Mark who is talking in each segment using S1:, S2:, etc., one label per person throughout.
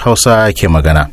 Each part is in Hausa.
S1: hausa ke magana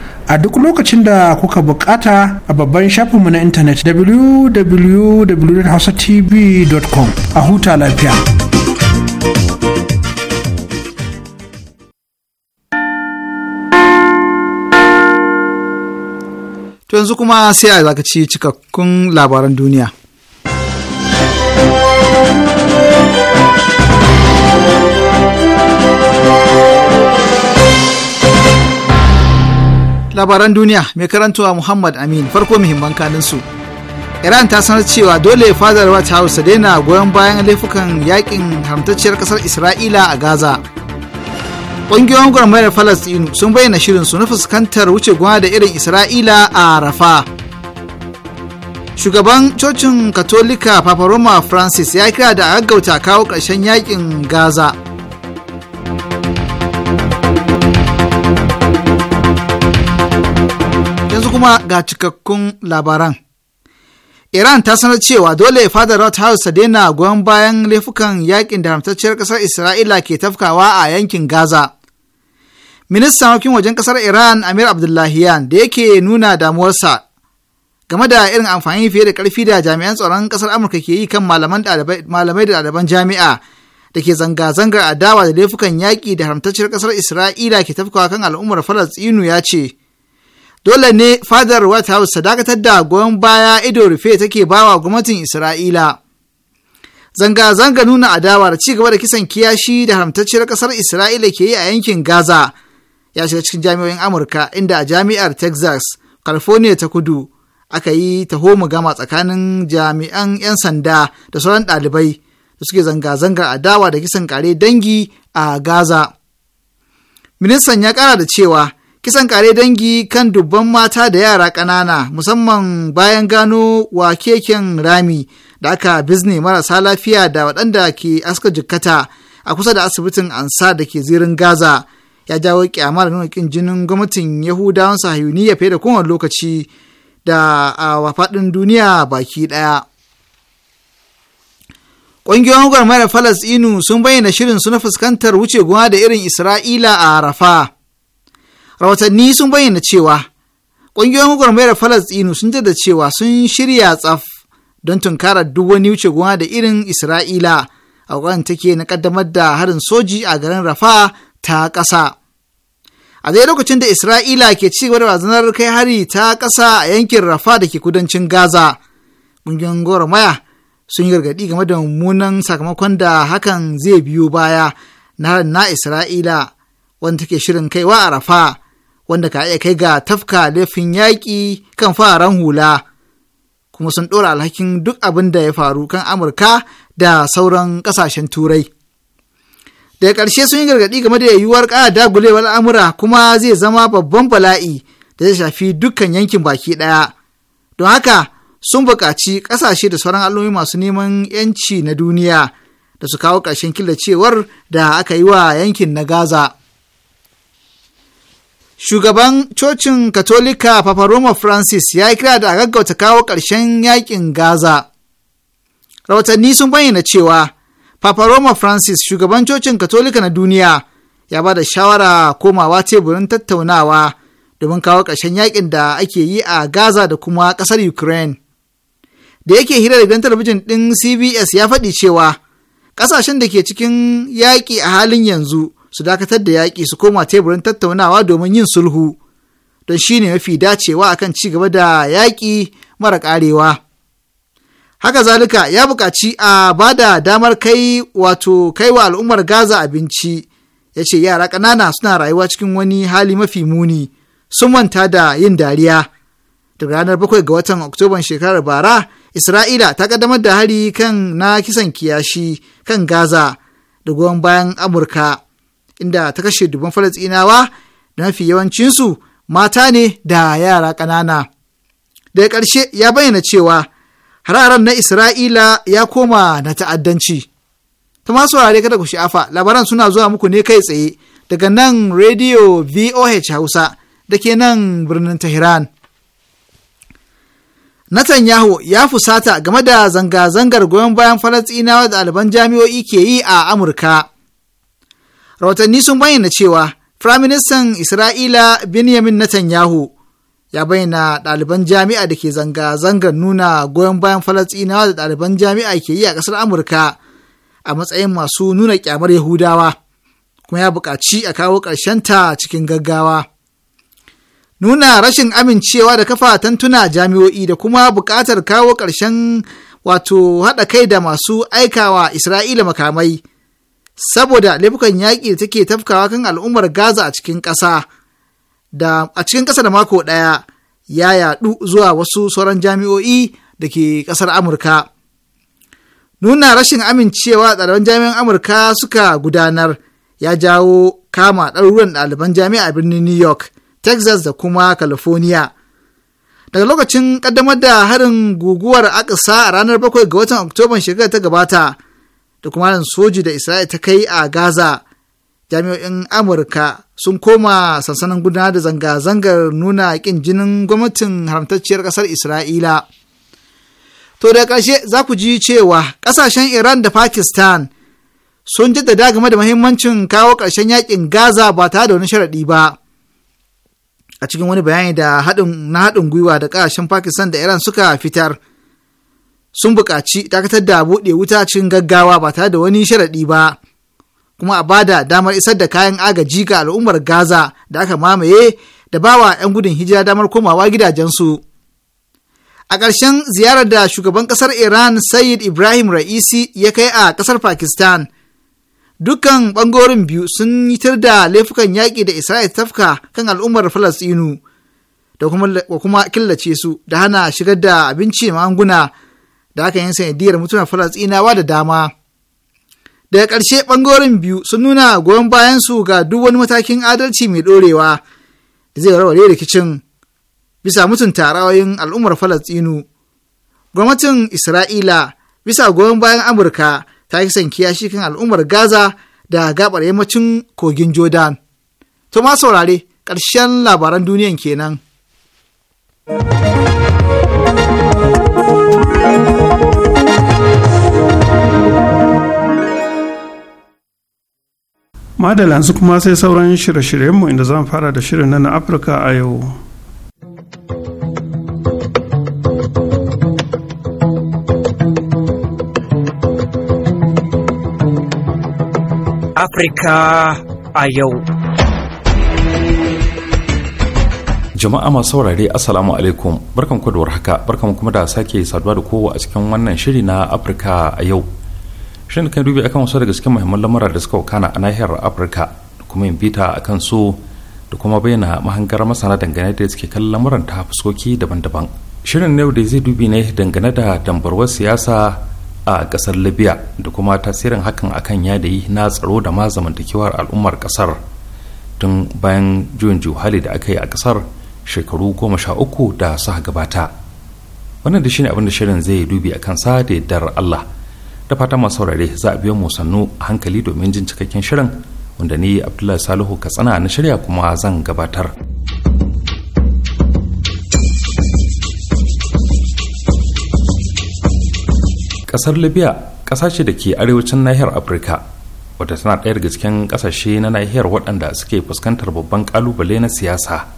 S2: a duk lokacin da kuka bukata a babban shafinmu na intanet www.hausatv.com a huta lafiya.
S3: To yanzu kuma sai a zakaci cikakkun labaran duniya. Labaran duniya mai karantowa Muhammad Amin farko muhimman kanin su. Iran ta sanar cewa dole fadar White House ta daina goyon bayan laifukan yakin haramtacciyar kasar Isra'ila a Gaza. Ƙungiyoyin gwamnati Falastinu sun bayyana shirin su na fuskantar wuce gona da irin Isra'ila a Rafa. Shugaban cocin Katolika Papa Roma Francis ya kira da gaggauta kawo ƙarshen yakin Gaza. kuma ga cikakkun labaran. Iran ta sanar cewa dole fadar rot House ta daina goyon bayan laifukan yakin da haramtacciyar ƙasar Isra'ila ke tafkawa a yankin Gaza. Ministan harkokin wajen ƙasar Iran Amir Abdullahiyan da yake nuna damuwarsa game da irin amfani fiye da ƙarfi da jami'an tsaron ƙasar Amurka ke yi kan malamai da ɗaliban jami'a da ke zanga-zangar adawa da laifukan yaƙi da haramtacciyar ƙasar Isra'ila ke tafkawa kan al'ummar Falastinu ya ce. dole ne fadar White House ta dakatar da goyon baya ido rufe take bawa gwamnatin Isra'ila. Zanga-zanga nuna adawa da ci gaba da kisan kiyashi da haramtacciyar ƙasar Isra'ila ke yi a yankin Gaza ya shiga cikin jami'o'in Amurka inda a jami'ar Texas, California ta kudu aka yi taho gama tsakanin jami'an 'yan sanda da sauran ɗalibai da suke zanga-zangar adawa da kisan kare dangi a Gaza. Ministan ya ƙara da cewa kisan kare dangi kan dubban mata da yara ƙanana musamman bayan gano wa keken rami da aka bizne marasa lafiya da waɗanda ke aska jikkata a kusa da asibitin ansa da ke zirin gaza ya jawo kyamar nuna kin jinin gwamnatin yahudawan ya fiye da kowane lokaci da a wafaɗin duniya baki ɗaya ƙungiyoyin gwamnatin falasɗinu sun bayyana shirin su na fuskantar wuce guma da irin isra'ila a rafa rahotanni sun bayyana cewa ƙungiyoyin gwagwarmayar Falasɗinu sun jada cewa sun shirya tsaf don tunkarar duk wani wuce gona da irin isra'ila a ƙwarin take na ƙaddamar da harin soji a garin rafa ta ƙasa a zai lokacin da isra'ila ke ci gaba da razanar kai hari ta ƙasa a yankin rafa da ke kudancin gaza ƙungiyoyin gwagwarmaya sun yi gargaɗi game da mummunan sakamakon da hakan zai biyo baya na harin na isra'ila wanda take shirin kaiwa a rafa wanda ka iya kai ga tafka laifin yaƙi kan fararen hula kuma sun ɗora alhakin duk abin da ya faru kan amurka da sauran ƙasashen turai daga ƙarshe sun yi gargaɗi game da yiwuwar ƙara dagulewar al'amura kuma zai zama babban bala'i da zai shafi dukkan yankin baki ɗaya don haka sun buƙaci ƙasashe da sauran al'ummi masu neman yanci na duniya da su kawo ƙarshen killacewar da aka yi wa yankin na gaza Shugaban cocin Katolika Papa Roma Francis ya yi kira da a gaggauta kawo ƙarshen yakin Gaza. Rahotanni sun bayyana cewa Papa Roma Francis shugaban cocin Katolika na duniya ya ba da shawara komawa teburin tattaunawa domin kawo ƙarshen yakin da ake yi a Gaza da kuma ƙasar Ukraine. Da yake hira da gidan talabijin ɗin CBS ya faɗi cewa ƙasashen da ke cikin yaƙi a halin yanzu su dakatar da yaƙi su koma teburin tattaunawa domin yin sulhu don shi ne mafi dacewa akan ci gaba da yaƙi mara ƙarewa. Haka zalika ya buƙaci a ba da damar kai wato kai wa al'ummar Gaza abinci, ya ce yara ƙanana suna rayuwa cikin wani hali mafi muni, sun manta da yin dariya. Daga ranar bakwai ga watan Oktoban shekarar bara, Isra'ila ta ƙaddamar da hari kan na kisan kiyashi kan Gaza da goyon bayan Amurka. inda ta kashe dubban falasɗinawa da mafi yawancinsu mata ne da yara ƙanana daga ƙarshe ya bayyana cewa hararen na isra'ila ya koma na ta'addanci ta masu wurare kada ku sha'afa labaran suna zuwa muku ne kai tsaye daga nan rediyo voh hausa da ke nan birnin tehran Netanyahu ya fusata game da zanga-zangar goyon bayan Falasɗinawa da alban jami'o'i ke yi a Amurka. rahotanni sun bayyana cewa firaministan isra'ila benjamin netanyahu ya bayyana ɗaliban jami'a da ke zanga-zangar nuna goyon bayan falastinawa da ɗaliban jami'a ke yi a ƙasar amurka a matsayin masu nuna kyamar yahudawa kuma ya buƙaci a kawo ta cikin gaggawa nuna rashin amincewa da kafa tantuna jami'o'i da kuma buƙatar kawo ƙarshen wato haɗa kai da masu aikawa isra'ila makamai saboda laifukan yaƙi da take tafkawa kan al'ummar Gaza a cikin ƙasa da a cikin ƙasa da mako ɗaya ya yaɗu zuwa wasu sauran jami'o'i da ke ƙasar Amurka. Nuna rashin amincewa ɗaliban jami'an Amurka suka gudanar ya jawo kama ɗaruruwan ɗaliban jami'a a birnin New York, Texas da kuma California. Daga lokacin ƙaddamar da harin guguwar aƙasa a ranar bakwai ga watan Oktoban shekarar ta gabata, da kuma nan soji da Isra'il ta kai a Gaza. Jami'o'in Amurka sun koma sansanin gudanar da zanga-zangar nuna ƙin jinin gwamnatin haramtacciyar ƙasar Isra'ila. To da ƙarshe za ku ji cewa ƙasashen Iran da Pakistan sun jaddada game da mahimmancin kawo ƙarshen yakin Gaza ba tare da wani sharaɗi ba. A cikin wani bayani da haɗin na haɗin gwiwa da ƙasashen Pakistan da Iran suka fitar. sun buƙaci dakatar da buɗe wuta cikin gaggawa ba tare da wani sharaɗi ba kuma a bada damar isar da kayan agaji ga al'ummar gaza da aka mamaye da bawa 'yan gudun hijira damar komawa gidajensu a ƙarshen ziyarar da shugaban ƙasar iran sayyid ibrahim ra'isi ya kai a ƙasar pakistan dukkan ɓangorin biyu sun yitar da laifukan yaƙi da isra'il tafka kan al'ummar falastinu da kuma killace su da hana shigar da abinci magunguna da aka yin sanadiyar mutuwar falasɗinawa da dama daga ƙarshe ɓangoren biyu sun nuna goyon bayansu ga duk wani matakin adalci mai ɗorewa da zai warware rikicin bisa mutunta ra'ayoyin al'ummar falasɗinu gwamnatin isra'ila bisa goyon bayan amurka ta yi kisan kiyashi kan al'ummar gaza da gaɓar yammacin kogin jordan to ma saurare ƙarshen labaran duniyan kenan.
S4: madalansu kuma sai sauran shirye-shiryenmu inda zan fara da shirin na afirka a yau
S5: Afirka a yau.
S1: Jama'a masu saurare asalamu alaikum barkan ku haka barkan kuma da sake saduwa da kowa a cikin wannan shiri na Afirka a yau. shirin kan dubi akan wasu daga cikin muhimman lamura da suka wakana a nahiyar afirka da kuma yin bita a kan su da kuma bayyana mahangar masana dangane da suke kallon lamuran ta fuskoki daban-daban shirin yau da zai dubi ne dangane da dambarwar siyasa a kasar libya da kuma tasirin hakan akan yi na tsaro da ma zamantakewar al'ummar kasar tun bayan juyin juhali da aka yi a kasar shekaru goma sha uku da suka gabata wannan da shine abin da shirin zai dubi a kansa da yardar allah da fata masu saurare za a biyo musannu sannu a hankali domin jin cikakken shirin wanda ni abdullahi salihu katsina na shirya kuma zan gabatar kasar libya ce da ke arewacin nahiyar afirka wata tana ɗaya daga cikin ƙasashe na nahiyar waɗanda suke fuskantar babban ƙalubale na siyasa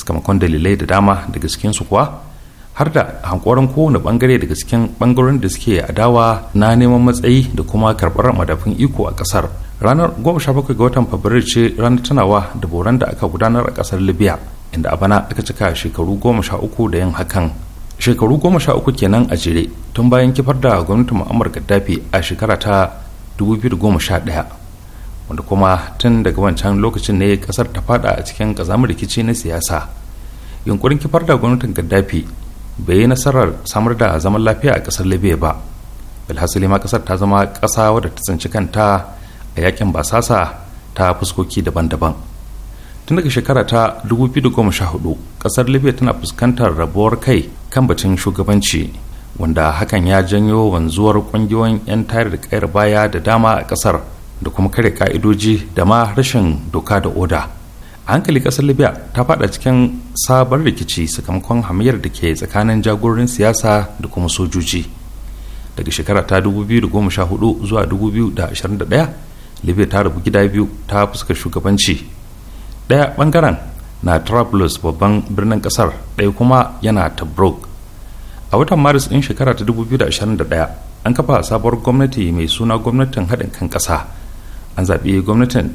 S1: sakamakon dalilai da dama daga cikinsu kuwa har da hankoron kowane bangare daga cikin bangaren da suke adawa na neman matsayi da kuma karɓar madafin iko a kasar ranar 17 ga watan fabrairu ce ranar tunawa da boran da aka gudanar a kasar libya inda a bana aka cika shekaru 13 da yin hakan shekaru 13 kenan a jere tun bayan kifar da gwamnatin mu'ammar gaddafi a shekara ta 2011 wanda kuma tun daga wancan lokacin ne kasar ta fada a cikin kazamar rikici na siyasa yunkurin kifar da gwamnatin gaddafi bai yi nasarar samar da zaman lafiya a ƙasar libya ba bilhassali ma ƙasar ta zama ƙasa wadda ta tsinci kanta a yakin basasa ta fuskoki daban-daban tun daga shekara ta 2014 ƙasar libya tana fuskantar rabuwar kai kan batun shugabanci wanda hakan ya janyo wanzuwar ƙungiyoyin 'yan tare da kayar baya da dama a ƙasar da kuma kare ka'idoji da ma rashin doka da oda a hankali kasar libya ta fada cikin sabon rikici sakamakon hamayar da ke tsakanin jagororin siyasa da kuma sojoji daga shekara ta 2014 zuwa 2021 libya ta rabu gida biyu ta fuska shugabanci daya bangaren na trablus babban birnin kasar daya kuma yana tobruk a watan maris din shekara ta 2021 an kafa sabuwar gwamnati mai suna gwamnatin haɗin kan ƙasa an zaɓi gwamnatin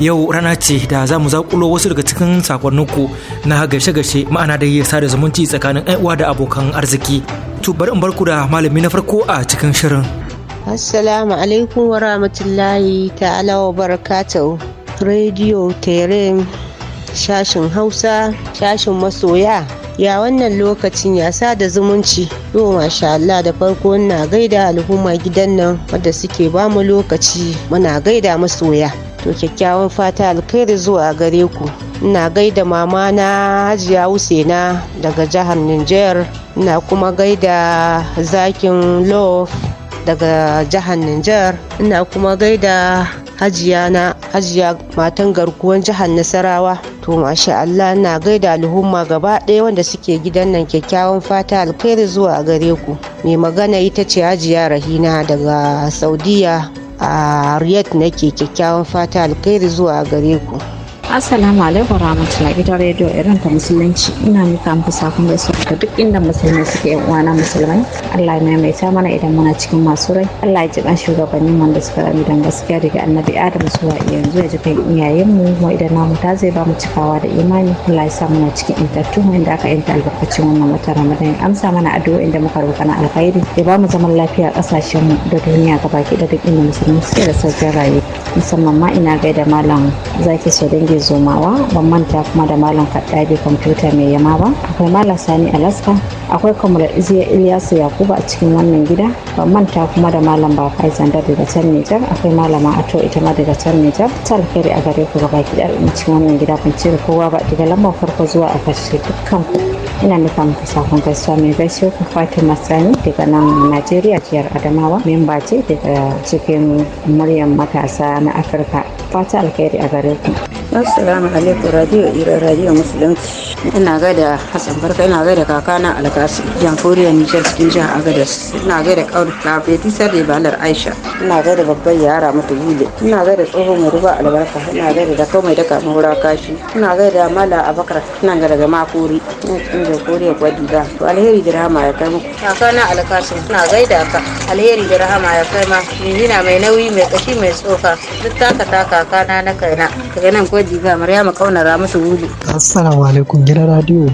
S6: yau rana ce da za mu zakulo wasu daga cikin sakonninku na gashe-gashe ma'ana da yi sada zumunci
S7: tsakanin uwa da abokan arziki to bari in barku da malami na farko a cikin shirin
S8: assalamu alaikum wa rahmatullahi ta'ala wa barakatuhu radio terem shashin hausa shashin masoya ya wannan lokacin ya sa da zumunci yo masha Allah da farko na gaida al'umma gidan nan wadda suke bamu lokaci muna gaida masoya to kyakkyawan fata alkhairi zuwa gare ku ina gaida mama na hajiya husaina daga jihar niger ina kuma gaida zakin love daga jihar niger ina kuma gaida hajiya na hajiya matan garkuwan jihar nasarawa to masha Allah na gaida alhumma gaba ɗaya wanda suke gidan nan kyakkyawan fata alkhairi zuwa gare ku mai magana ita ce hajiya rahina daga saudiya a Riyadh nake kyakkyawan fata alkhairi zuwa gare
S9: ku. Assalamu alaikum warahmatullahi gidan rediyo irin ta musulunci ina mika muku sakon gaisuwa da duk inda musulmai suke yan uwana musulmai Allah ya maimaita mana idan muna cikin masu rai Allah ya ji shugabanni man da suka rami dan gaskiya daga annabi Adam zuwa yanzu ya ji kan iyayen mu mu idan namu ta zai ba mu cikawa da imani Allah ya sa muna cikin intattu inda aka yanta albarkacin wannan wata Ramadan amsa mana addu'o inda muka roƙa na alkhairi ya ba mu zaman lafiya kasashen mu da duniya baki da duk inda musulmi suke da sauƙin rayuwa musamman ma ina gaida malam zaki so dangi Zomawa ban manta kuma da Malam Kaddabi kwamfuta mai yama ba akwai Malam Sani Alaska akwai Kamar Iziya Ilyasu Yakuba a cikin wannan gida ban manta kuma da Malam ba Bafai Zanda daga can Nijar akwai Malama Ato ita ma daga can Nijar ta alkhairi a gare ku gaba ki in cikin wannan gida ban cire kowa ba daga lambar farko zuwa a kashe dukkan ku ina nufa muku sakon gaisuwa mai gaishe ku Fatima Sani daga nan Najeriya jiyar Adamawa memba ce daga cikin muryan matasa na Afirka fata alkhairi a gare ku. assalamu alaikum radio ira radio musulunci ina gaida hassan barka ina gaida kakana alkasi jamhuriyar nijar cikin jihar agadas ina gaida kawar kafeti sarri balar aisha ina gaida babban yara mata yule ina gaida tsoho mai ruba albarka ina gaida da kawai daga mahura kashi ina gaida mala abakar ina ga ga makuri ina cikin jamhuriyar gwadida to alheri da rahama ya kai muku kakana alkasi ina gaida ka alheri da rahama ya kai ma mai nauyi mai kashi mai tsoka duk taka ta kakana na kaina daga nan ko ga maryama Kauna musu wuli
S7: assalamu alaikum gidan radio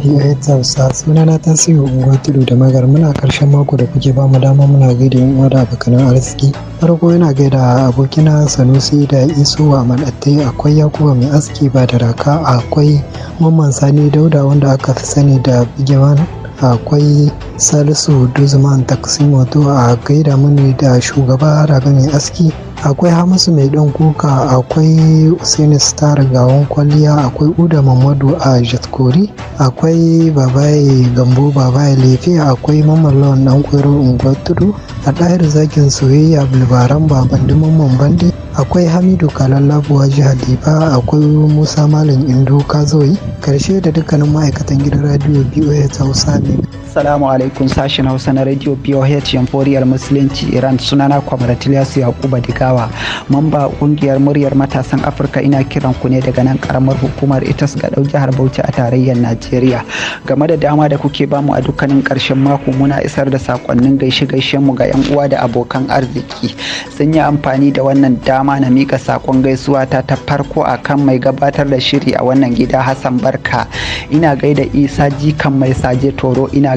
S7: da hausa suna na tasiru unguwa tudu da magar muna karshen mako da kuke ba mu dama muna gaida yin uwa da abokan arziki farko yana gaida abokina sanusi da iso a manatte akwai yakuba mai aski ba da raka akwai mamman sani dauda wanda aka fi sani da bigeman akwai salisu duzman taksimoto a gaida mini da shugaba rabe mai aski akwai hamisu mai ɗan kuka akwai usaini star gawon kwalliya akwai uda mamadu a jatkori akwai babaye gambo babaye lefe akwai mamalon dan kwero ungwatudu a ɗahir zakin soyayya bulbaran baban mamman bandi akwai hamidu a jihar diba akwai musa malam indo kazoi karshe da dukkanin ma'aikatan gidan radio boa ta hausa ne Assalamu alaikum sashen Hausa na Radio POH Yamforiyar Musulunci Iran sunana Kwamrat Yakuba Digawa. Mamba kungiyar muryar matasan Afirka ina kiran ku ne daga nan karamar hukumar ITAS ga ɗau jihar Bauchi a tarayyar Najeriya. Game da dama da kuke bamu a dukkanin karshen mako muna isar da sakonnin gaishe gaishe mu ga yan uwa da abokan arziki. Sun yi amfani da wannan dama na mika sakon gaisuwa ta ta farko akan mai gabatar da shiri a wannan gida Hassan Barka. Ina gaida Isa Jikan mai saje Toro ina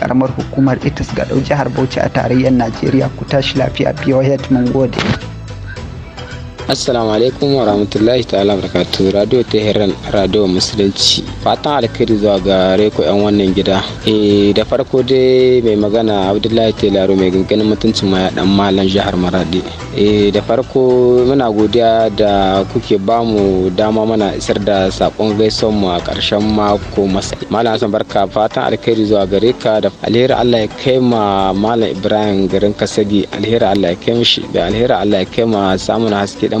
S7: karamar hukumar itis ga jihar bauchi a tarayyar najeriya ku tashi lafiya pos mun gode
S5: assalamu alaikum wa rahmatullahi ta'ala barakatu radio teheran radio musulunci fatan alkhairi zuwa ga reko yan wannan gida e da farko dai mai magana abdullahi telaro mai ganganin mutuncin ma dan malam jihar maradi e da farko muna godiya da kuke bamu dama mana isar da sakon gaison mu a karshen mako masai malam hassan barka fatan alkhairi zuwa gare ka da alheri allah ya kai ma malam ibrahim garin kasagi alheri allah ya kai mishi da alheri allah ya kai ma samun haske dan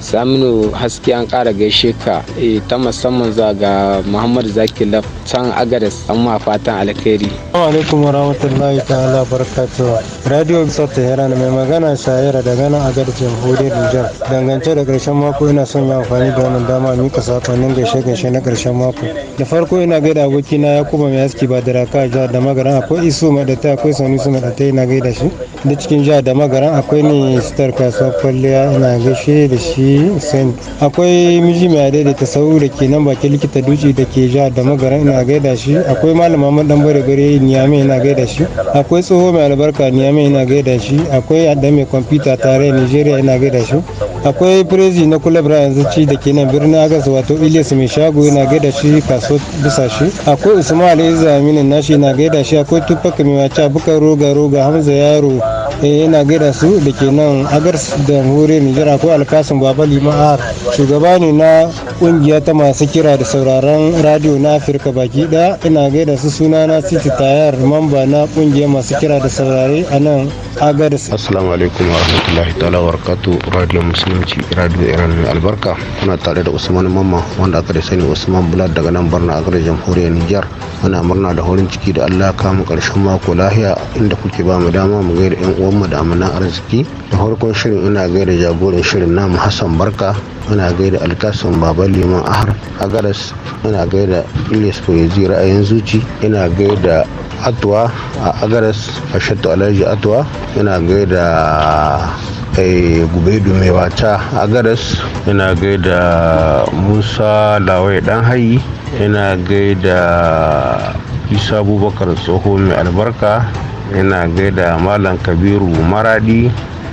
S5: saminu haske an kara gaishe ka eh, ta musamman za ga muhammad zaki lab can an ma fatan alkhairi
S10: alaikum warahmatullahi ta'ala barkatu radio bisa tehran mai magana shayara daga nan agadar jamhuriyar nijar dangance da karshen mako ina son yi amfani da wannan dama mika sakonnin gaishe gaishe na karshen mako da farko ina gaida abokina yakuba mai haske ba da raka jihar da magaran akwai isu ta akwai sanu su madatai ina gaida shi da cikin jihar da magaran akwai ni sitar kasuwar kwalliya ina gaishe da shi Eh, akwai miji mai ta sau da ke nan bakin likita duci da ke ja da magaran ina gaida shi. Akwai malama madan bare bare Niyame ina gaida shi. Akwai tsoho mai albarka Niyame ina gaida shi. Akwai adda mai kwamfuta tare Nigeria ina gaida shi. Akwai prezi na kula yanzu ci da ke nan birnin Agas wato Ilyas mai shago ina gaida shi kaso bisa shi. Akwai Usman Ali Zaminin nashi ina gaida shi. Akwai tufaka mai wace bukar roga roga Hamza yaro yana eh, gaida su da ke nan agars da hure jira ko alkasin baba lima'ar shugaba ne na kungiya ta masu kira da sauraron radio na afirka baki da ina gaida su sunana titi tayar mamba na kungiyar masu kira da saurare a nan agaris assalamu
S11: alaikum wa rahmatullahi ta'ala wa barakatu radio musulunci radio iran albarka kuna tare da usman mamma wanda aka da sani usman bulat daga nan barna a garin jamhuriyar nijar muna murna da horin ciki da allah kama karshen mako lahiya inda kuke ba mu dama mu gaida yan uwanmu da amana arziki da farkon shirin ina gaida jagoran shirin namu hassan barka muna gaida alkasun baban liman ahar a garas muna gaida ilis poezi ra'ayin zuci ina gaida atuwa a agaras a shatta alhaji atuwa ina gaida eh, gubedu mai wata a garas ina gaida musa lawai dan hayi ina gaida isa abubakar tsoho mai albarka ina gaida malam kabiru maradi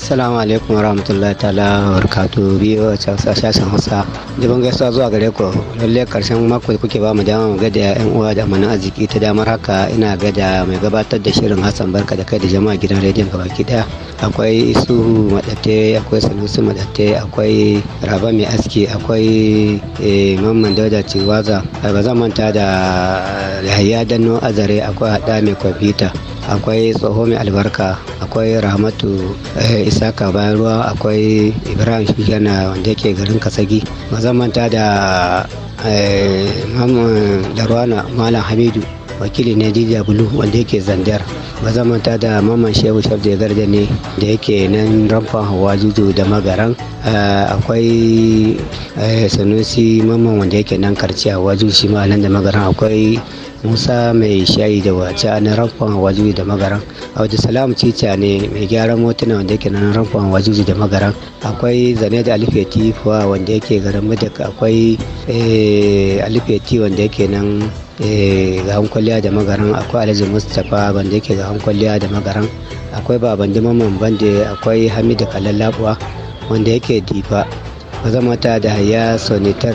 S12: Assalamu alaikum warahmatullahi ta'ala barkatu biyu a sashen Hausa. Jibin gaisuwa zuwa gare ku lalle karshen mako kuke ba mu dama mu gada yan uwa da mana arziki ta damar haka ina gada mai gabatar da shirin Hassan Barka da kai da jama'a gidan rediyon gabaki daya. Akwai isu madatte akwai sanusi madatte akwai raba mai aski akwai eh, mamman dauda ciwaza ba zan manta da yahaya danno azare akwai haɗa mai kwamfuta akwai tsoho mai albarka akwai rahmatu eh, isaka bayan ruwa akwai ibrahim shi yana wanda yake garin kasagi mazamanta da eh, da ruwana malam hamidu wakili ne dija bulu wanda yake zandar mazamanta da maman shehu shabda garda ne da yake nan ramfan hawa juju da magaran eh, akwai eh, sanusi maman wanda yake nan karciya wajen shi ma nan da magaran akwai musa mai shayi da wace a nan ramfon wajuji da magaran a wajen salamu cica ne mai gyaran motuna wanda yake nan ramfon wajuji da magaran akwai zane da alifeti fuwa wanda yake garin madak akwai eh, alifeti wanda yake nan eh, ga kwalliya da magaran akwai alhaji mustapha wanda yake ga kwalliya da magaran akwai baban dimaman bande akwai hamidu kalallabuwa wanda yake difa mazamata da haya sonitar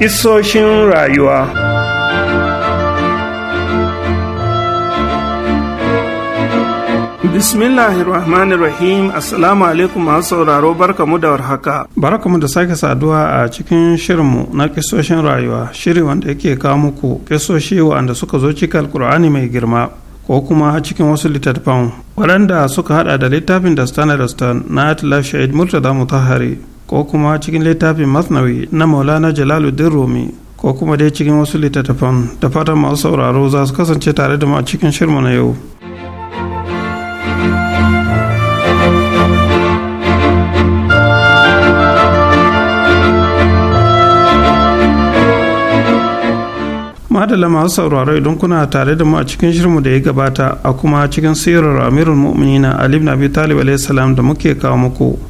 S4: Isoshin rayuwa Bismillahirrahmanirrahim Assalamu alaikum masu sauraro barkamu da warhaka. Barkamu da sake saduwa a cikin shirinmu na kisoshin rayuwa, shiri wanda yake kawo muku kisoshi wa'anda suka zo cikin Alkur'ani mai girma ko kuma cikin wasu littattafan waɗanda suka hada da littafin da Stone na Atlas Shahid Murtada Mutahari ko kuma cikin littafin masnawi na maulana jalaluddin rumi ko kuma dai cikin wasu littattafan da fatan masu sauraro za su kasance tare da mu a cikin shirmu na yau madala masu sauraro idan kuna tare da mu a cikin shirmu da ya gabata a kuma cikin sirar amirul mu'minina ali ibn abi talib salam da muke kawo muku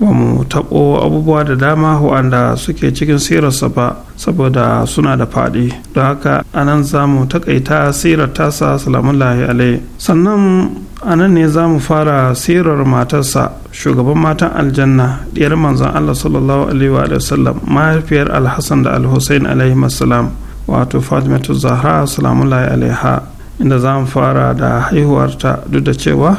S4: ba mu taɓo abubuwa da dama waɗanda suke cikin sirarsa ba saboda suna da faɗi don haka anan za mu taƙaita sirar tasa salamullahi alai sannan anan ne za mu fara sirar matarsa shugaban matan aljanna ɗiyar manzon allah sallallahu alaihi wa sallam mahaifiyar alhassan da alhussein alaihi salam wato fatimatu zahra salamullahi ha inda za mu fara da haihuwarta duk da cewa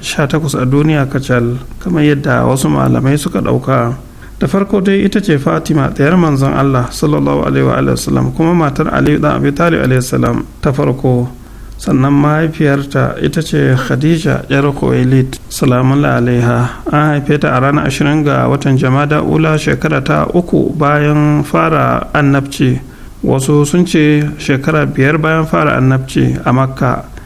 S4: 18 a duniya kacal kamar yadda wasu malamai suka ɗauka da farko dai ita ce fatima ɗayar manzon allah sallallahu alaihi wa wasallam kuma matar aliyu dan abi talib alaihi salam ta farko sannan mahaifiyarta ita ce khadija yar kuwailit salamun alaiha an haife ta a ranar ashirin ga watan jama'a ula shekara ta uku bayan fara annabci wasu sun ce shekara biyar bayan fara annabci a makka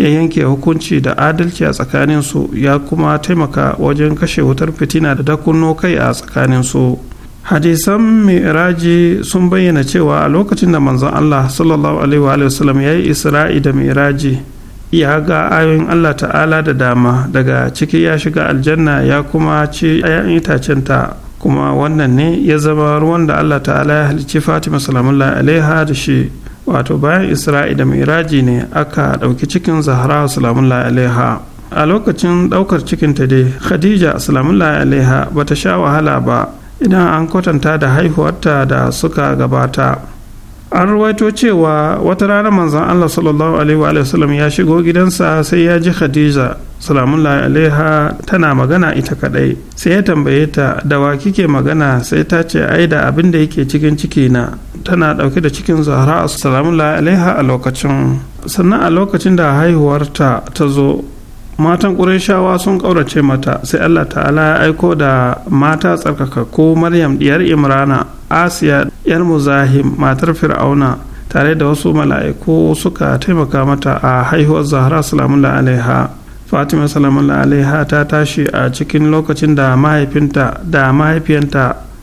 S4: ya yanke hukunci da adalci a tsakanin su ya kuma taimaka wajen kashe wutar fitina da dakunno kai a tsakanin su hadisan miraji sun bayyana cewa a lokacin da manzon allah sallallahu alaihi wa sallam ya yi isra'i da miraji ya ga ayoyin allah ta'ala da dama daga ciki ya shiga aljanna ya kuma ci ayan itacen ta kuma wannan ne ya zama ruwan da allah ta'ala ya halicci fatima salamullahi alaiha da shi wato bayan isra'i da miraji ne aka ɗauki cikin zahra salamullahi alaiha a lokacin ɗaukar cikinta dai khadija salamullahi alaiha ba ta sha wahala ba idan an kwatanta da haihuwarta da suka gabata an ruwaito cewa wata rana manzon allah sallallahu alaihi wa sallam ya shigo gidansa sai ya ji khadija salamullahi alaiha tana magana ita kadai sai ya tambaye ta da wa kike magana sai ta ce ai da abin da yake cikin ciki na tana ɗauke da cikin zahra assalamu alaiha a lokacin sannan a lokacin da haihuwarta ta zo matan ƙurashawa sun ƙaurace mata sai allah ta'ala ya aiko da mata tsarkaka ko maryam diyar imrana asiya yar muzahim matar fir'auna tare da wasu mala'iku suka taimaka mata a haihuwar zahra salamun alaiha fatima salamun alaiha ta tashi a cikin lokacin da mahaifinta da mahaifiyanta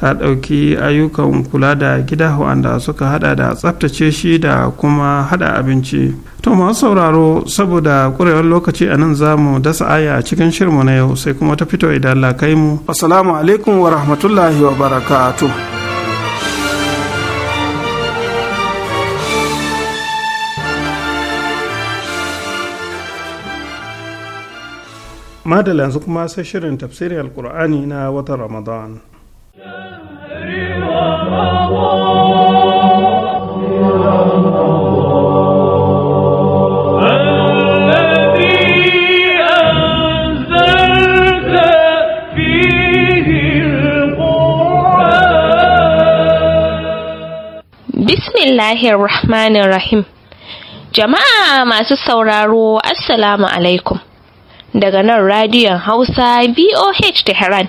S4: ta ɗauki ayyukan kula da gida wanda suka hada da tsaftace shi da kuma hada abinci. To masu sauraro saboda ƙurewar lokaci a nan za mu dasa aya a cikin shirmu na yau sai kuma ta fito idan Allah kai mu. Assalamu alaikum wa rahmatullahi wa barakatuh. Madalla yanzu kuma sai shirin tafsirin Alƙur'ani na watan Ramadan.
S8: Rahmanin Rahim. Jama'a masu sauraro, Assalamu alaikum. Daga nan radiyon Hausa BOH Tehran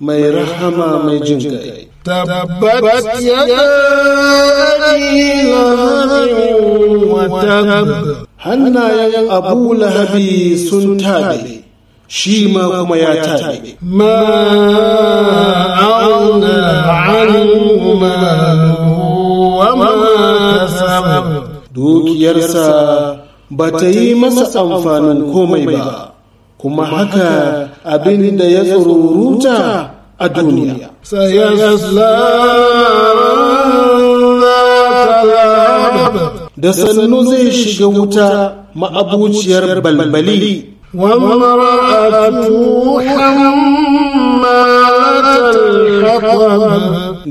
S6: mai rahama
S3: mai jin kai
S6: tabbat ya hannayen abu lahabi sun tabe shi ma kuma ya tabe dukiyarsa ba ta yi masa amfanin komai ba kuma haka abin da ya tsururuta a duniya. Da sannu zai shiga wuta ma'abuciyar balbali.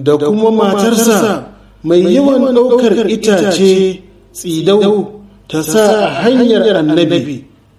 S6: Da kuma matarsa mai yawan ɗaukar itace tsidau ta sa hanyar annabi.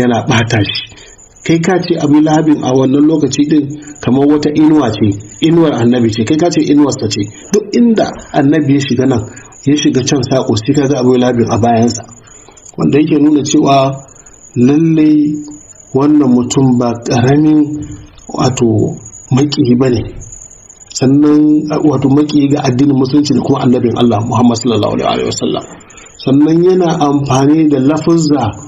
S6: yana ɓata shi kai ka ce abu lahabin a wannan lokaci din kamar wata inuwa ce inuwar annabi ce kai ka ce inuwarsa ce duk inda annabi ya shiga nan ya shiga can sako, sai ka ga abu lahabin a bayansa wanda yake nuna cewa lallai wannan mutum ba ƙaramin wato maƙiyi ba ne sannan wato maƙiyi ga addinin musulunci da kuma annabin Allah Muhammad sallallahu alaihi wasallam sannan yana amfani da lafuzza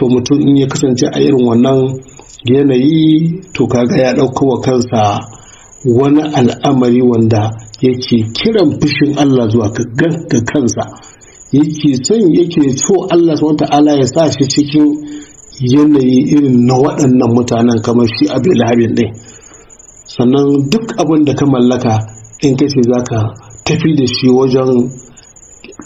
S6: to mutum in ya kasance a irin wannan yanayi to kaga ya ɗauka wa kansa wani al'amari wanda yake kiran fushin Allah zuwa ga kansa yake son yake so Allah subhanahu ta'ala ya sa shi cikin yanayi irin na waɗannan mutanen kamar shi abu lahabin ɗin sannan duk abin da ka mallaka in kace zaka tafi da shi wajen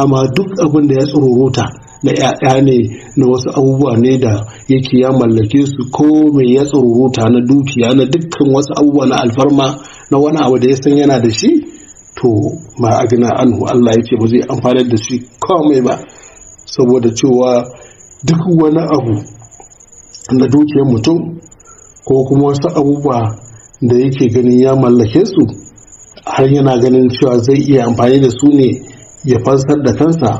S6: amma duk abin da ya tsororota na ‘ya'ya ne na wasu abubuwa ne da yake ya mallake su ko mai ya tsororota na dukiya na dukkan wasu abubuwa na alfarma na wani abu da ya san yana da shi to ma agna anhu Allah ya ce ba zai amfani da shi komai ba saboda cewa duk wani abu na dukiyar mutum ko kuma wasu abubuwa da yake ganin ya mallake su har yana ganin cewa zai iya amfani da su ne ya fansar da kansa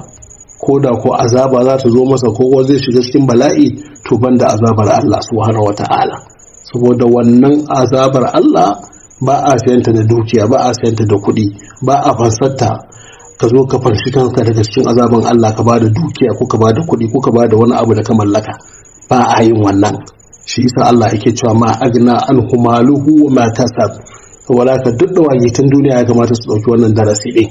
S6: ko da ko azaba za ta zo masa ko zai shiga cikin bala'i to banda azabar Allah subhanahu wata'ala saboda wannan azabar Allah ba a sayanta da dukiya ba a sayanta da kuɗi ba a fansarta ka zo ka farshi kanka daga cikin azaban Allah ka bada dukiya ko ka bada kuɗi ko ka bada wani abu da ka mallaka ba a yin wannan shi yasa Allah yake cewa ma agna an humaluhu wa ma tasab wala ka duk da duniya ya kamata su dauki wannan darasi din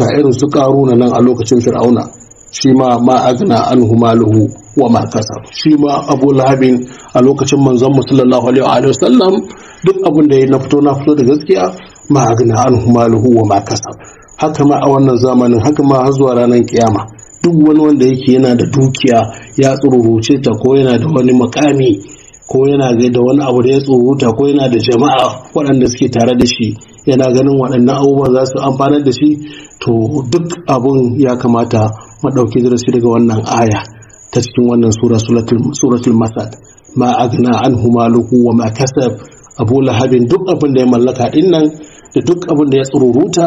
S6: ta irin su na nan a lokacin fir'auna shi ma ma azna wa ma kasa shi ma abu lahabin a lokacin manzon mu sallallahu alaihi wa sallam duk abin da ya na fito na fito da gaskiya ma azna anhu wa ma kasa haka ma a wannan zamanin haka ma har zuwa ranar kiyama duk wani wanda yake yana da dukiya ya tsururuce ta ko yana da wani makami ko yana da wani abu da ya tsuruta ko yana da jama'a waɗanda suke tare da shi yana ganin waɗannan abubuwa za su amfanar da shi to duk abun ya kamata maɗauki darasi daga wannan aya ta cikin wannan sura suratul masad ma agna an humaluhu wa ma kasab abu lahabin duk abin da ya mallaka dinnan da duk abin da ya tsururuta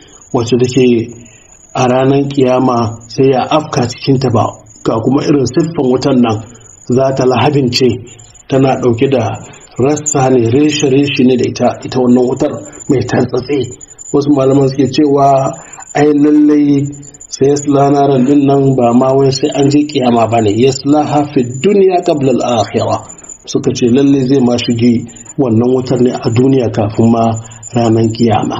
S6: wacce take a ranar kiyama sai ya afka cikinta ba ga kuma irin siffan wutan nan za ta lahabin ce tana ɗauke da rassa ne reshe-reshe ne da ita ita wannan wutar mai tantsatse wasu malaman suke cewa ai lallai sai ya sula din nan ba ma wai sai an je kiyama ba ne ya sula hafi duniya a al suka ce lallai zai ma shige wannan wutar ne a duniya kafin ma ranar kiyama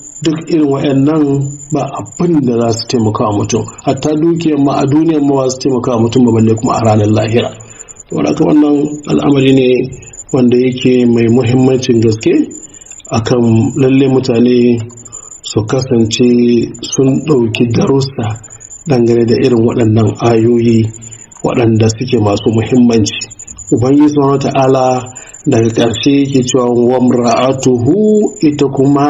S6: duk irin wayannan ba abin da za su taimaka wa mutum hatta dukiyar ma a duniyar ma su taimaka wa mutum ba balle kuma a ranar lahira aka wannan al'amari ne wanda yake mai muhimmancin gaske akan lalle mutane su kasance sun ɗauki darussa dangane da irin waɗannan ayoyi waɗanda suke masu muhimmanci ubangiji subhanahu ta'ala daga ƙarshe yake cewa wamra'atuhu ita kuma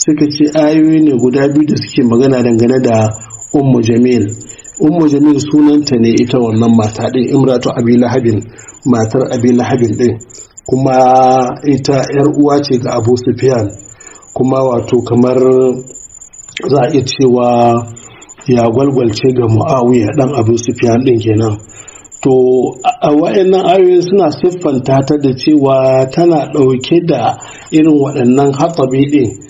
S6: suka ce ayoyi ne guda biyu da suke magana dangane da ummu jamil ummu jamil sunanta ne ita wannan mata ɗin imratu abi matar abi lahabin ɗin kuma ita yar uwa ce ga abu sufiyan kuma wato kamar za a iya cewa ya gwalgwalce ga mu'awiya ɗan abu sufiyan ɗin kenan to a wa'annan ayoyin suna siffanta ta da cewa tana ɗauke da irin waɗannan hatsabi ɗin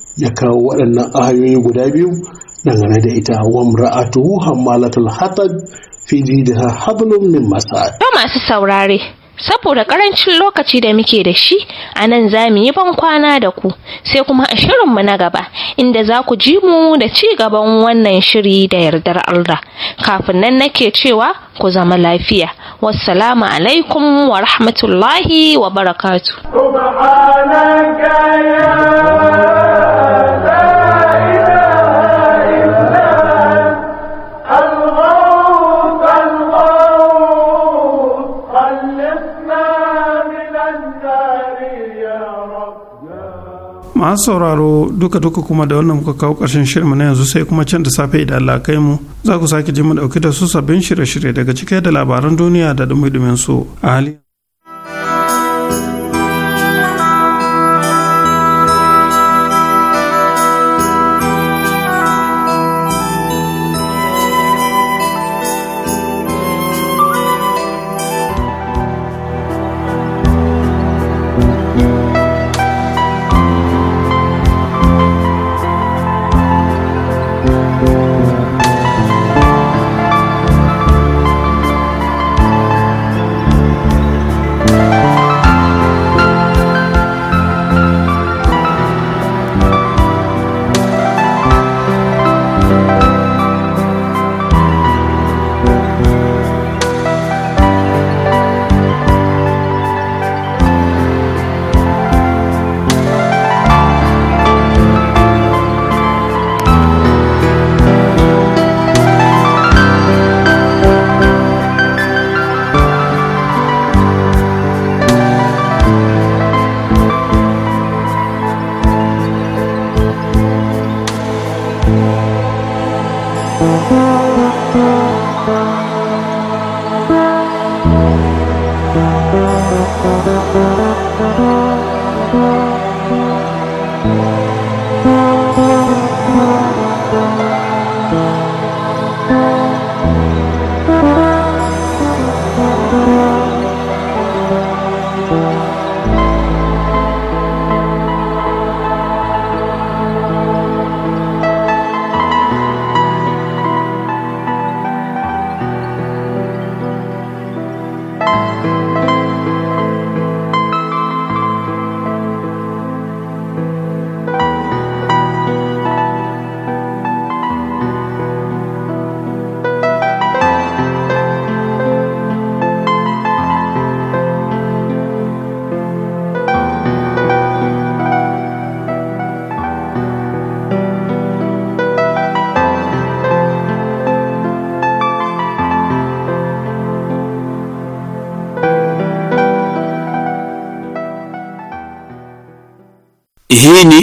S6: ya kawo waɗannan ahayoyi guda biyu dangane da ita wa mra'atuhu hammalatul hatab fi jidha hablum min masad
S8: ba masu saurare saboda ƙarancin lokaci da muke da shi a nan za mu yi ban kwana da ku sai kuma a shirinmu na gaba inda za ku ji mu da ci gaban wannan shiri da yardar Allah kafin nan nake cewa ku zama lafiya wassalamu alaikum wa rahmatullahi wa barakatu
S4: masu sauraro duka duka kuma da wannan muka kawo ƙarshen shirinmu na yanzu sai kuma can da safe idan Allah kai mu za ku sake ji mu dauki da su sabbin shirye-shirye daga cike da labaran duniya da dumi-dumin su a hali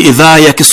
S6: idhaa ya Kiswahili.